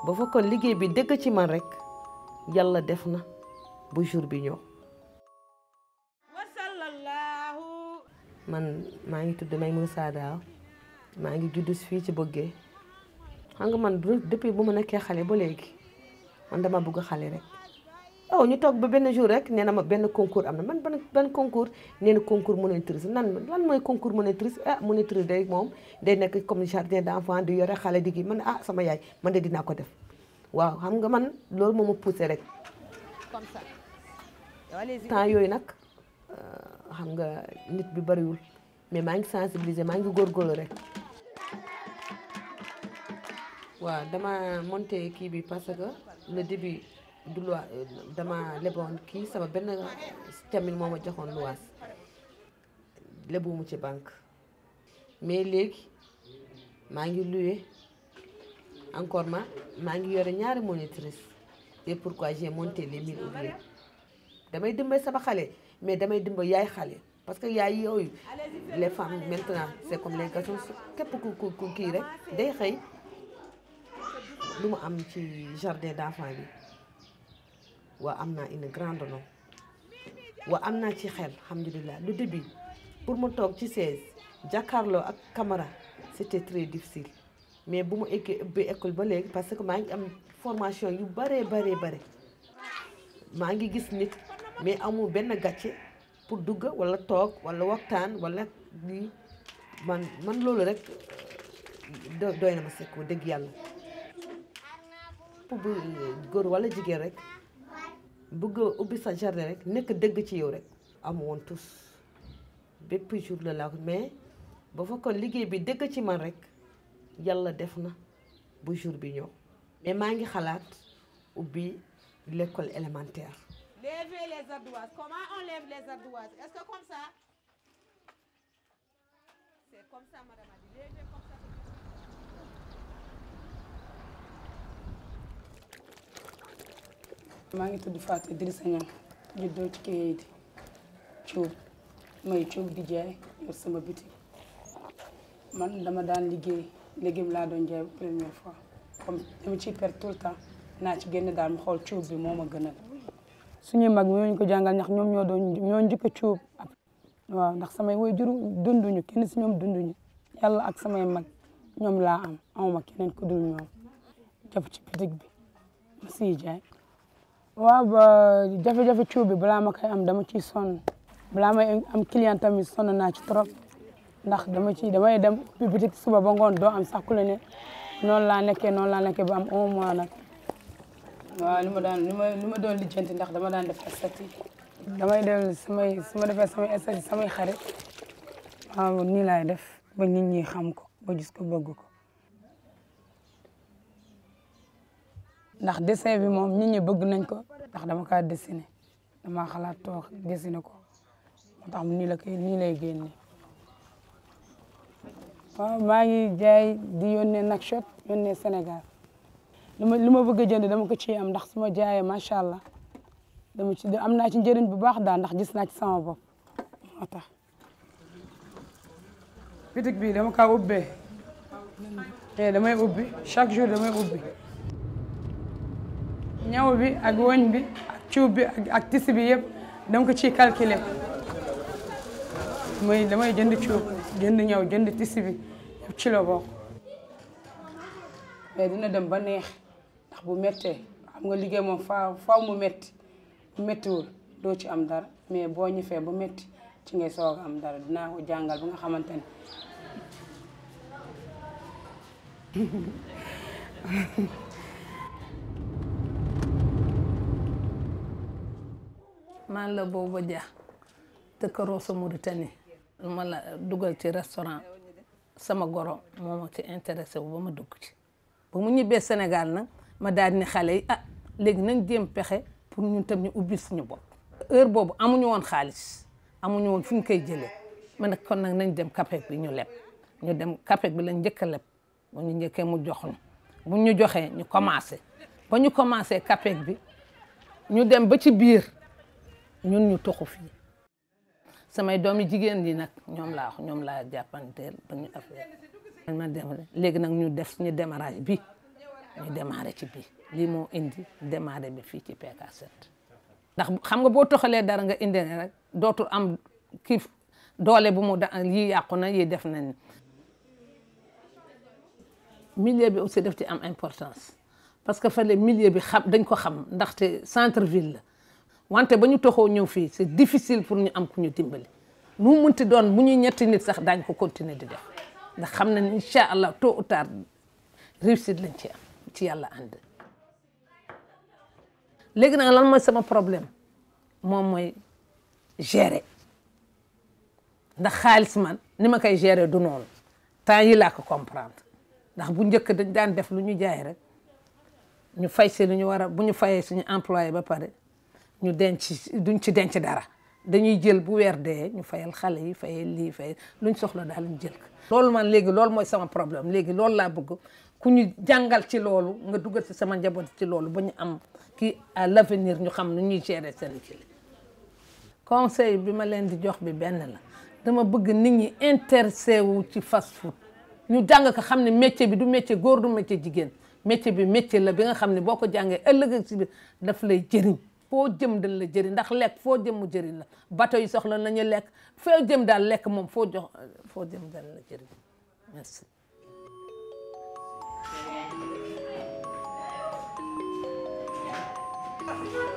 ba fa kon liggéey bi dëgg ci man rek yàlla def na bu jour bi ñëw man maa ngi tudd Maimouna Sadaaw maa ngi juddu fii ci bëggee xam nga man depuis bu ma nekkee xale ba léegi man dama bugg xale rek oh ñu toog ba benn jour rek nee na ma benn concours am na man ban ban concours nee na concours monitrice nan lan mooy concours monitrice a ah, monitrice day moom day nekk comme jardin d'enfant di yore xale di gi man ah sama yaay man de dinaa ko def waaw xam nga man loolu moom ma poussé rek. comme temps yooyu nag euh, xam nga nit bi bariwul mais maa ngi sensibiliser maa ngi góorgóorlu rek. waaw dama monté kii bi parce que le début. du luwa euh, dama leboon kii sama benn camin moo ma joxoon luwaas lebumu ci banque mais léegi maa ngi loué encore ma maa ngi yore ñaari monitrice et pourquoi j'ai monté les damay dimbali sama xale mais damay dimbali yaay xale parce que yaay yooyu les femmes maintenant c'est comme les garçons képp ku ku kii rek day xëy lu mu am ci jardin d'enfants bi waa am naa une grande non waa am naa ci xel alhamdulilah lu début pour mu toog ci chaise jàkkaarloo ak caméra c'était très difficile mais bu mu éggee ubbi école ba léegi parce que maa ngi am formation yu bare bare bare maa ngi gis nit mais amul benn gàcce pour dugg wala toog wala waxtaan wala lii man man loolu rek doy na ma sekk dëgg yàlla pour bu góor wala jigéen rek bëgg a ubbi sa jardin rek nekk dégg ci yow rek am woon tous bépp jour la laa mais ba fa kon liggéey bi dëgg ci man rek yàlla def na bu jour bi ñëw mais maa ngi xalaat ubbi lekkool élémentaire levez les ardoises comment on lève les ardoises est-ce que comme ça c'est comme maa ngi tudd Fatou Idrissa Niang juddoo ci Kéyadi Cuub may cuub di jaay yor sama bitik man dama daan liggéey légume laa doon jaay première fois comme dama ciy perte tout le temps naa ci génn daal xool cuub bi moo ma gënal. suñuy mag ñooñu ko jàngal ndax ñoom ñoo doon ñoo njëkk a cuub waaw ndax samay waajur dunduñu kenn si ñoom dunduñu yàlla ak samay mag ñoom laa am amuma keneen ku ñoom jàpp ci bitik bi ma siy jaay. waaw ba jafe-jafe cuub bi balaa ma koy am dama ciy sonn balaa may am client tamit sonn naa ci trop ndax dama ci damay dem ubbi bitik suba ba ngoon doo am sax ku ne noonu laa nekkee noonu laa nekkee ba am un mois nag waaw li ma daan li ma li ma doon lijjanti ndax dama daan def estati damay dem samay su ma defee samay estati samay xarit waaw nii laay def ba nit ñi xam ko ba gis ko bëgg ko ndax dessin bi moom nit ñi bëgg nañ ko ndax dama kaa dessiné dama xalaat toog dessiné ko moo tax nii la koy nii lay génne waaw maa ngi jaay di yónnee Nouakchott yónnee Sénégal lu ma lu ma bëgg a jënd dama ko ciy am ndax su jaayee macha allah dama ci am naa ci njëriñ bu baax daal ndax gis naa ci sama bopp moo tax bitig bi dama kaa ubbee eh, damay ubbi chaque jour damay ubbi ñaw bi ak woñ bi ak cuub bi ak tisi yëpp dama ko ci calculer mooy damay jënd cuub jënd ñaw jënd tisi bi yëpp ci la mais dina dem ba neex ndax bu méttee xam nga liggéey moom faaw faaw mu métti bu méttiwul doo ci am dara mais boo ñëfee ba métti ci ngay soog am dara dinaa ko jàngal ba nga xamante ne man la booba ja dëkkaroo sa Mauritanie ma la dugal ci restaurant sama goro moom ci intéressé wu ba ma dugg ba mu ñibbee Sénégal nag ma daal ni xale yi ah léegi nañ jéem pexe pour ñun tam ñu ubbi suñu bopp heure boobu amuñu woon xaalis amuñu woon fu ñu koy jëlee ma ne kon nag nañ dem CAPEC bi ñu leb ñu dem CAPEC bi la njëkk a leb bu ñu njëkkee mu jox ñu bu ñu joxee ñu commencé ba ñu commencé CAPEC bi ñu dem ba ci biir ñun ñu toxu fii samay doom yi jigéen yi nag ñoom laa wax ñoom laa jàppanteel ba ñu affaire léegi nag ñu def suñu démarrage bi ñu démarré ci bii lii moo indi démarré bi fii ci PK7 ndax xam nga boo toxalee dara nga indi ne rek dootul am kiif doole bu mu da yi yàqu na yi def nañ milieu bi aussi def ci am importance parce que fële millier bi xam dañ ko xam ndaxte centre ville la wante ba ñu toxoo ñëw fii c'est difficile pour ñu am ku ñu dimbali nu mu munti doon bu ñuy ñetti nit sax daañ ko continuer di def ndax xam na ni incha allah tôt ou tard réussite lañ ci am ci yàlla and léegi nag lan mooy sama problème moom mooy gérer ndax xaalis man ni ma koy gérer du noonu temps yi laa ko comprendre ndax bu njëkk dañ daan def lu ñu jaay rek ñu fay si lu ñu war bu ñu fayee suñu employé ba pare ñu denc duñ ci denc dara dañuy jël bu weer dee ñu fayal xale yi fayal lii fayal luñ soxla daal ñu jël ko. loolu man léegi loolu mooy sama problème léegi loolu laa bëgg ku ñu jàngal ci loolu nga dugal ci sama njaboot ci loolu ba ñu am kii à l'avenir ñu xam nu ñuy gérer seen ci conseil bi ma leen di jox bi benn la dama bëgg nit ñi intéressé wu ci fast food ñu jàng ko xam ne métier bi du métier góor du métier jigéen métier bi métier la bi nga xam ne boo ko jàngee ëllëg si bi lay jëriñ. foo jëm dañ la jëriñ ndax lekk foo jëm jëriñ la bato yi soxla nañu lekk foo jëm daal lekk moom foo foo jëm dañ la jëriñ merci